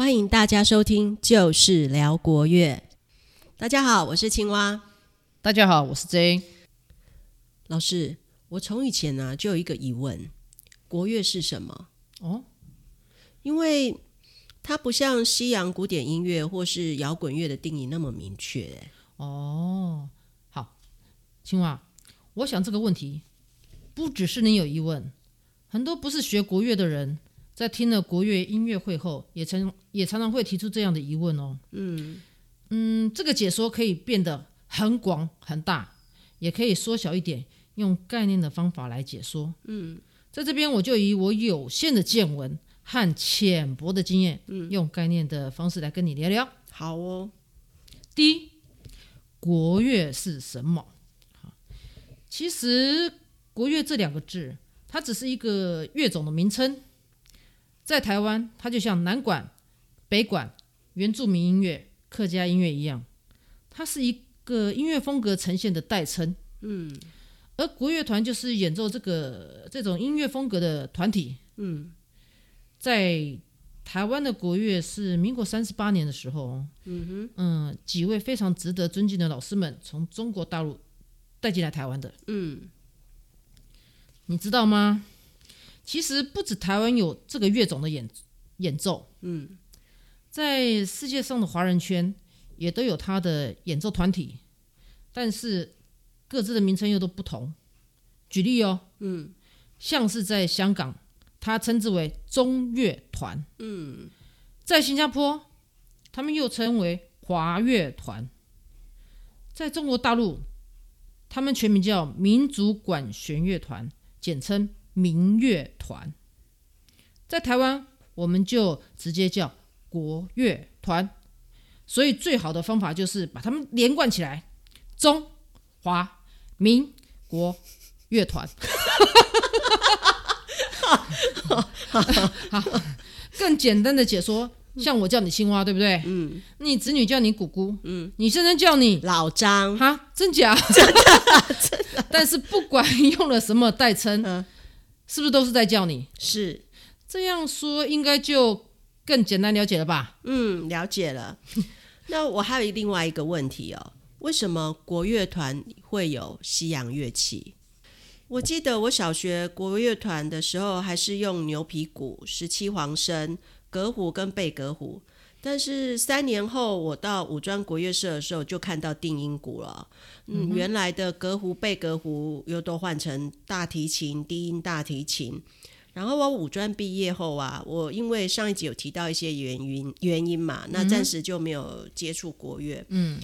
歡迎大家收聽，就是聊國樂。大家好，我是青蛙。大家好，我是 Jay 老師。我從以前呢、啊，就有一個疑問：國樂是什麼？哦，因為它不像西洋古典音樂或是搖滾樂的定義那麼明確。哦，好，青蛙，我想這個問題不只是你有疑問，很多不是學國樂的人。在聽了國樂音樂會後，也曾也常常會提出這樣的疑問哦。嗯嗯，這個解說可以變得很廣很大，也可以縮小一點，用概念的方法來解說。嗯，在這邊我就以我有限的見聞和淺薄的經驗，嗯，用概念的方式來跟你聊聊。好哦。第一，國樂是什麼？其實“國樂”這兩個字，它只是一個樂種的名稱。在台灣，它就像南管、北管、原住民音樂、客家音樂一樣，它是一個音樂風格呈現的代稱。嗯，而國樂團就是演奏這個這種音樂風格的團體。嗯，在台灣的國樂是民國三十八年的時候，嗯哼，嗯，幾位非常值得尊敬的老師們從中國大陸帶進來台灣的。嗯，你知道嗎？其實不止台灣有這個樂種的演演奏，嗯，在世界上的華人圈也都有他的演奏團體，但是各自的名稱又都不同。舉例哦，嗯，像是在香港，他稱之為中樂團，嗯，在新加坡，他們又稱為華樂團，在中國大陸，他們全名叫民族管弦樂團，簡稱民樂團，在台灣我們就直接叫國樂團，所以最好的方法就是把它們連貫起來，中華民國樂團。 好，更簡單的解說，像我叫你青蛙，對不對？嗯。你子女叫你姑姑，嗯。你先生叫你老張，哈？真假？真的啊。真的啊、 但是不管用了什麼代稱，嗯是不是都是在叫你？是這樣說，應該就更簡單了解了吧？嗯，了解了。 那我還有另外一個問題哦，為什麼國樂團會有西洋樂器？我記得我小學國樂團的時候，還是用牛皮鼓、十七簧笙、革胡跟倍革胡。但是三年後，我到五專國樂社的時候，就看到定音鼓了。嗯，原來的革胡、倍革胡又都換成大提琴、低音大提琴。然後我五專畢業後啊，我因為上一集有提到一些原因原因嘛，那暫時就沒有接觸國樂。嗯，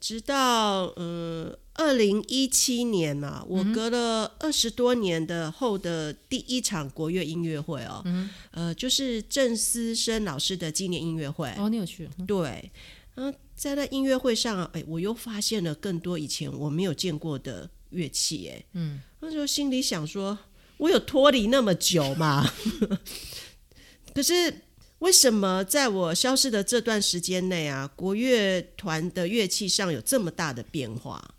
直到嗯、呃。二零一七年嘛、啊嗯，我隔了二十多年的後的第一場國樂音樂會哦，嗯、呃，就是鄭思森老師的紀念音樂會哦，你有去，嗯。對，嗯、呃，在那音樂會上，哎，我又發現了更多以前我沒有見過的樂器，哎，嗯，那時候心裡想說，我有脫離那麼久嘛？ 可是為什麼在我消失的這段時間內啊，國樂團的樂器上有這麼大的變化？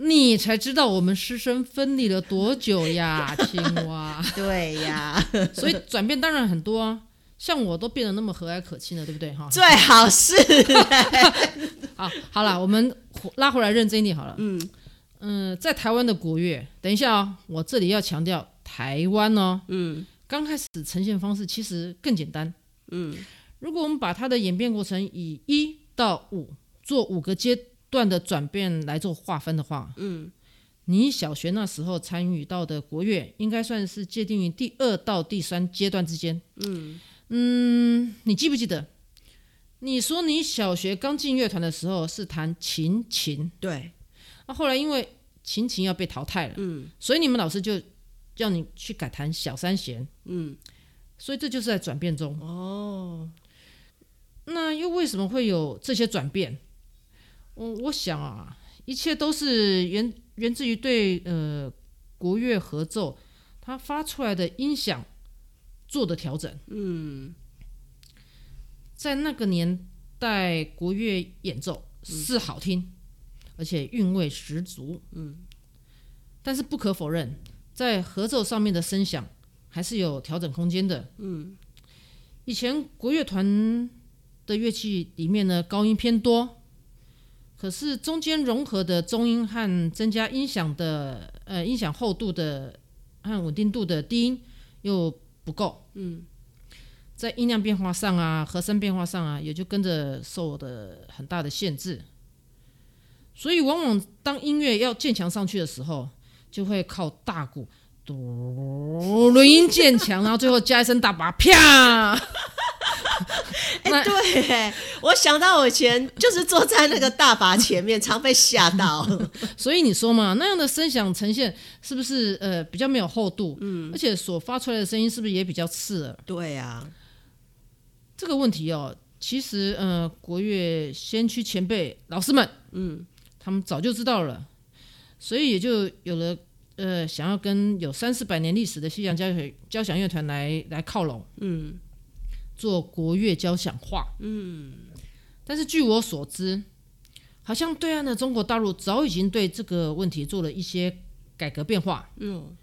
你才知道我們師生分離了多久呀，青蛙？ 對呀， 所以轉變當然很多啊，像我都變得那麼和藹可親了，對不對哈？最好是。 好，好了，我們拉回來認真一點好了。嗯嗯、呃，在台灣的國樂，等一下啊、哦，我這裡要強調台灣呢、哦。嗯，剛開始呈現方式其實更簡單。嗯，如果我們把它的演變過程以一到五做五個階。段的轉變來做劃分的話，嗯，你小學那時候參與到的國樂應該算是界定於第二到第三階段之間，嗯嗯，你記不記得？你說你小學剛進樂團的時候是彈秦琴，對，那後來因為秦琴要被淘汰了，嗯，所以你們老師就叫你去改彈小三弦，嗯，所以這就是在轉變中哦。那又為什麼會有這些轉變？我想啊，一切都是源源自於對呃國樂合奏它發出來的音響做的調整。嗯，在那個年代，國樂演奏是好聽，嗯、而且韻味十足。嗯，但是不可否認，在合奏上面的聲響還是有調整空間的。嗯，以前國樂團的樂器裡面呢，高音偏多。可是中間融合的中音和增加音響的呃音響厚度的和穩定度的低音又不夠，嗯，在音量變化上啊，和聲變化上啊，也就跟着受的很大的限制。所以往往當音樂要漸強上去的時候，就會靠大鼓，咚，輪音漸強，然後最後加一聲大鈸，啪。 哎、欸，對， 我想到我以前就是坐在那個大把前面， 常被嚇嚇到。 所以你說嘛，那樣的聲響呈現是不是呃比較沒有厚度？嗯，而且所發出來的聲音是不是也比較刺耳？對啊，這個問題哦、喔，其實呃，國樂先驅前輩老師們，嗯，他們早就知道了，所以也就有了呃，想要跟有三四百年歷史的西洋交響交響樂團來來靠攏，嗯。做國樂交響化，嗯，但是據我所知，好像對岸的中國大陸早已經對這個問題做了一些改革變化，嗯，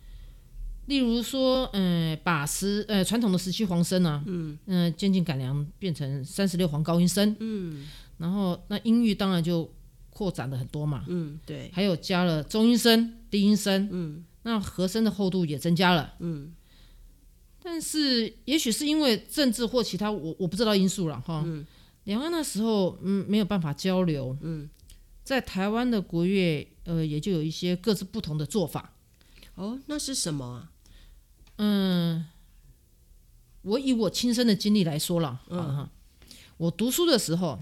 例如說，呃，把十呃傳統的十七簧笙啊，嗯，漸進、呃、改良變成三十六簧高音笙，嗯，然後那音域當然就擴展了很多嘛，嗯，對，還有加了中音笙、低音笙，嗯，那和聲的厚度也增加了，嗯。但是，也許是因為政治或其他我我不知道因素了哈。兩岸那時候，嗯，嗯，沒有辦法交流。嗯，在台灣的國樂，呃，也就有一些各自不同的做法。哦，那是什麼啊？嗯，我以我親身的經歷來說了，嗯、啊、我讀書的時候，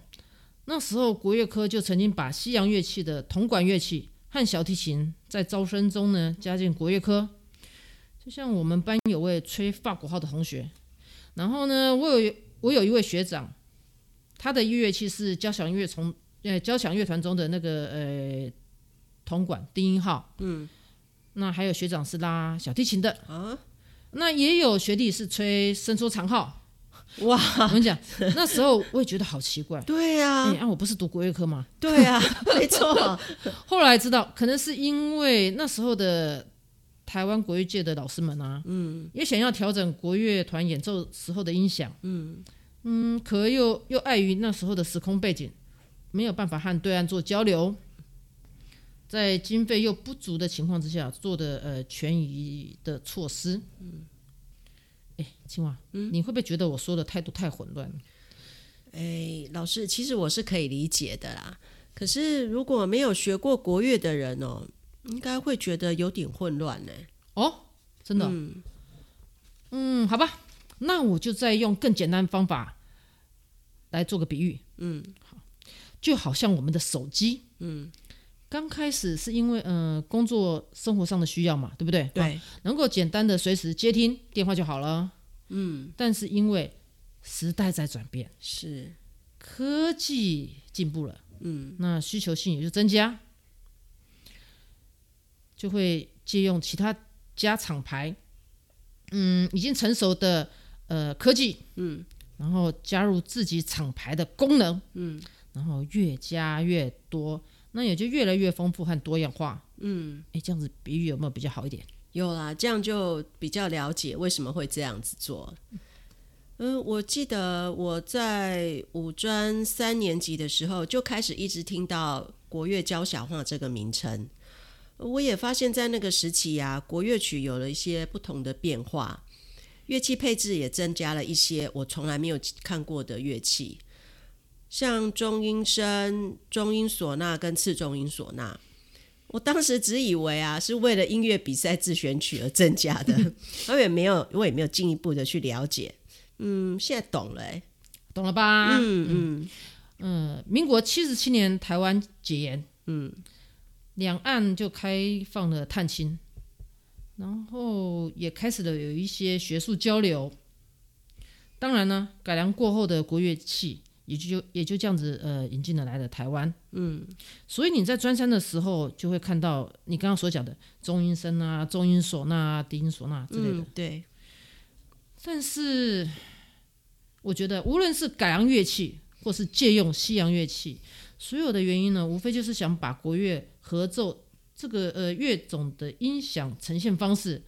那時候國樂科就曾經把西洋樂器的銅管樂器和小提琴在招生中呢加進國樂科。就像我們班有位吹法國號的同學，然後呢，我有我有一位學長，他的樂器是交響樂從呃交響樂團中的那個呃銅管低音號，嗯，那還有學長是拉小提琴的啊，那也有學弟是吹伸縮長號，哇，我跟你講，那時候我也覺得好奇怪， 對呀、啊欸，啊，我不是讀國樂科嗎？ 對啊，沒錯， 後來知道，可能是因為那時候的。台灣國樂界的老師們啊，嗯，也想要調整國樂團演奏時候的音響，嗯嗯，可又又礙於那時候的時空背景，沒有辦法和對岸做交流，在經費又不足的情況之下做的呃權宜的措施，嗯，欸，青蛙，嗯，你會不會覺得我說的態度太混亂？欸，老師，其實我是可以理解的啦，可是如果沒有學過國樂的人喔。應該會覺得有點混亂呢。哦，真的？嗯，嗯，好吧，那我就再用更簡單的方法來做個比喻。嗯，好，就好像我們的手機。嗯，剛開始是因為嗯、呃、工作生活上的需要嘛，對不對？對、啊，能夠簡單的隨時接聽電話就好了。嗯，但是因為時代在轉變，是科技進步了。嗯，那需求性也就增加。就會借用其他家廠牌，嗯，已經成熟的呃科技，嗯，然後加入自己廠牌的功能，嗯，然後越加越多，那也就越來越豐富和多樣化，嗯，哎，這樣子比喻有沒有比較好一點？有啦，這樣就比較了解為什麼會這樣子做。嗯，我記得我在五專三年級的時候就開始一直聽到國樂交響化這個名稱。我也發現，在那個時期呀、啊，國樂曲有了一些不同的變化，樂器配置也增加了一些我從來沒有看過的樂器，像中音笙、中音嗩吶跟次中音嗩吶。我當時只以為啊，是為了音樂比賽自選曲而增加的，我 也沒有，我也沒有進一步的去了解。嗯，現在懂了，欸，懂了吧？嗯嗯，呃、嗯，民國七十七年台灣解嚴，嗯。兩岸就開放了探親，然後也開始了有一些學術交流。當然呢，改良過後的國樂器也就也就這樣子呃引進了來了台灣。嗯，所以你在專山的時候就會看到你剛剛所講的中音笙啊、中音嗩吶、低音嗩吶之類的、嗯。對。但是，我覺得無論是改良樂器，或是借用西洋樂器。所有的原因呢，無非就是想把國樂合奏這個呃樂種的音響呈現方式，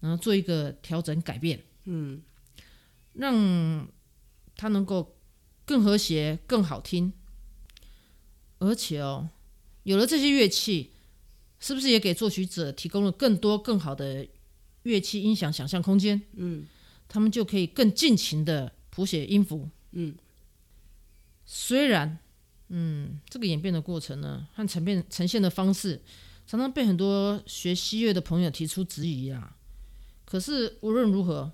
然後做一個調整改變，嗯，讓它能夠更和諧、更好聽。而且哦，有了這些樂器，是不是也給作曲者提供了更多、更好的樂器音響想象空間？嗯，他們就可以更盡情的譜寫音符。嗯，雖然。嗯，這個演變的過程呢，和呈現呈現的方式，常常被很多學西樂的朋友提出質疑啊。可是無論如何，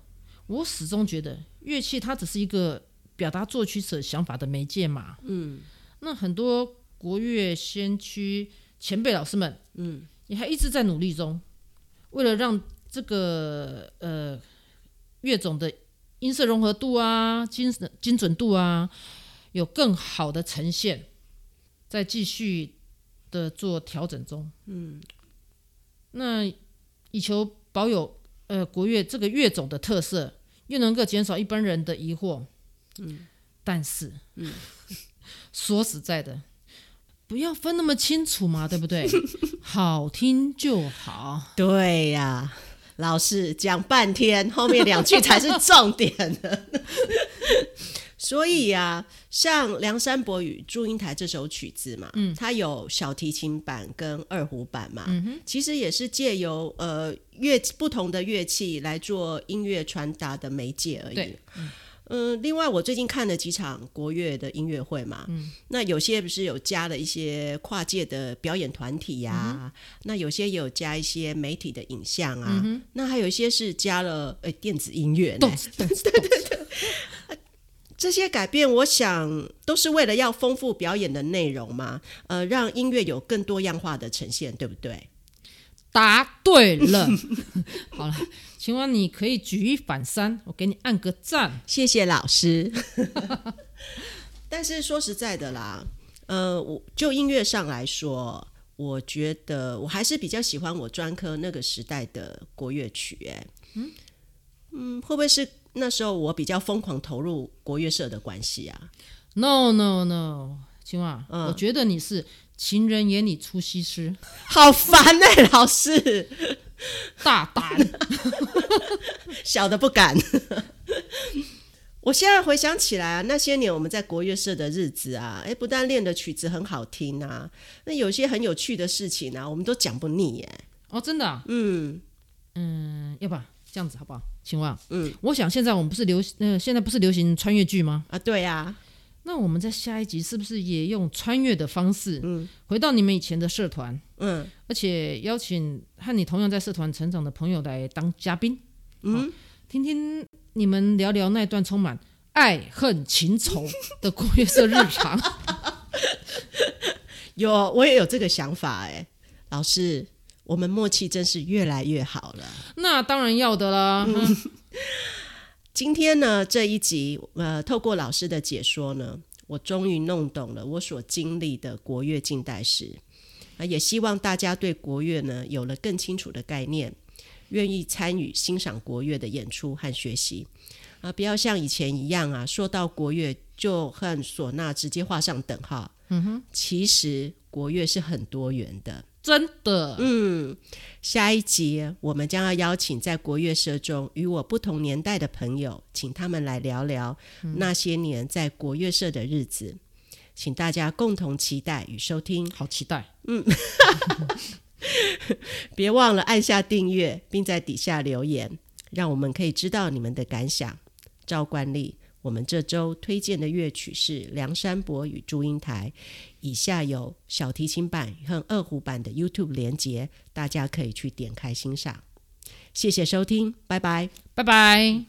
我始終覺得樂器它只是一個表達作曲者想法的媒介嘛。嗯，那很多國樂先驅前輩老師們，嗯，你還一直在努力中，為了讓這個呃樂種的音色融合度啊，精精準度啊。有更好的呈現，在繼續的做調整中。嗯，那以求保有呃國樂這個樂種的特色，又能夠減少一般人的疑惑。嗯，但是，嗯，說實在的，不要分那麼清楚嘛，對不對？好聽就好。 對呀、啊，老師講半天，後面兩句才是重點的 所以呀、啊嗯，像《梁山伯與祝英台》這首曲子嘛，嗯，它有小提琴版跟二胡版嘛，嗯、其實也是借由呃樂不同的樂器來做音樂傳達的媒介而已嗯。嗯，另外我最近看了幾場國樂的音樂會嘛，嗯，那有些不是有加了一些跨界的表演團體呀、啊嗯，那有些有加一些媒體的影像啊，嗯、那還有一些是加了欸電子音樂，嗯、 對對對。這些改變，我想都是為了要豐富表演的內容嘛，呃，讓音樂有更多樣化的呈現，對不對？答對了， 好了，請問你可以舉一反三，我給你按個讚，謝謝老師。 但是說實在的啦，呃，我就音樂上來說，我覺得我還是比較喜歡我專科那個時代的國樂曲欸，嗯嗯，會不會是？那時候我比較瘋狂投入國樂社的關係啊，no no no，青蛙，嗯，我覺得你是情人眼裡出西施。好煩呢，老師，大膽，小的不敢。我現在回想起來啊，那些年我們在國樂社的日子啊，哎，不但練的曲子很好聽啊，那有些很有趣的事情啊，我們都講不膩耶。哦，真的，嗯嗯，要不這樣子好不好？請問，嗯，我想現在我們不是流，嗯、呃，現在不是流行穿越劇嗎？啊，對呀、啊。那我們在下一集是不是也用穿越的方式，嗯，回到你們以前的社團，嗯，而且邀請和你同樣在社團成長的朋友來當嘉賓，嗯，聽聽你們聊聊那段充滿愛恨情仇的國樂社日常。 有，我也有這個想法、欸，哎，老師。我們默契真是越來越好了。那當然要的啦、嗯。今天呢這一集，呃，透過老師的解說呢，我終於弄懂了我所經歷的國樂近代史。啊、呃，也希望大家對國樂呢有了更清楚的概念，願意參與欣賞國樂的演出和學習。啊、呃，不要像以前一樣啊，說到國樂就和嗩吶直接畫上等號。嗯哼，其實國樂是很多元的。真的，嗯，下一集我們將要邀請在國樂社中與我不同年代的朋友，請他們來聊聊那些年在國樂社的日子。嗯，請大家共同期待與收聽。好期待，嗯，別 忘了按下訂閱，並在底下留言，讓我們可以知道你們的感想。趙冠立。我們這周推薦的樂曲是《梁山伯與祝英台》，以下有小提琴版和二胡版的 YouTube 連接，大家可以去點開欣賞。謝謝收聽，拜拜，拜拜。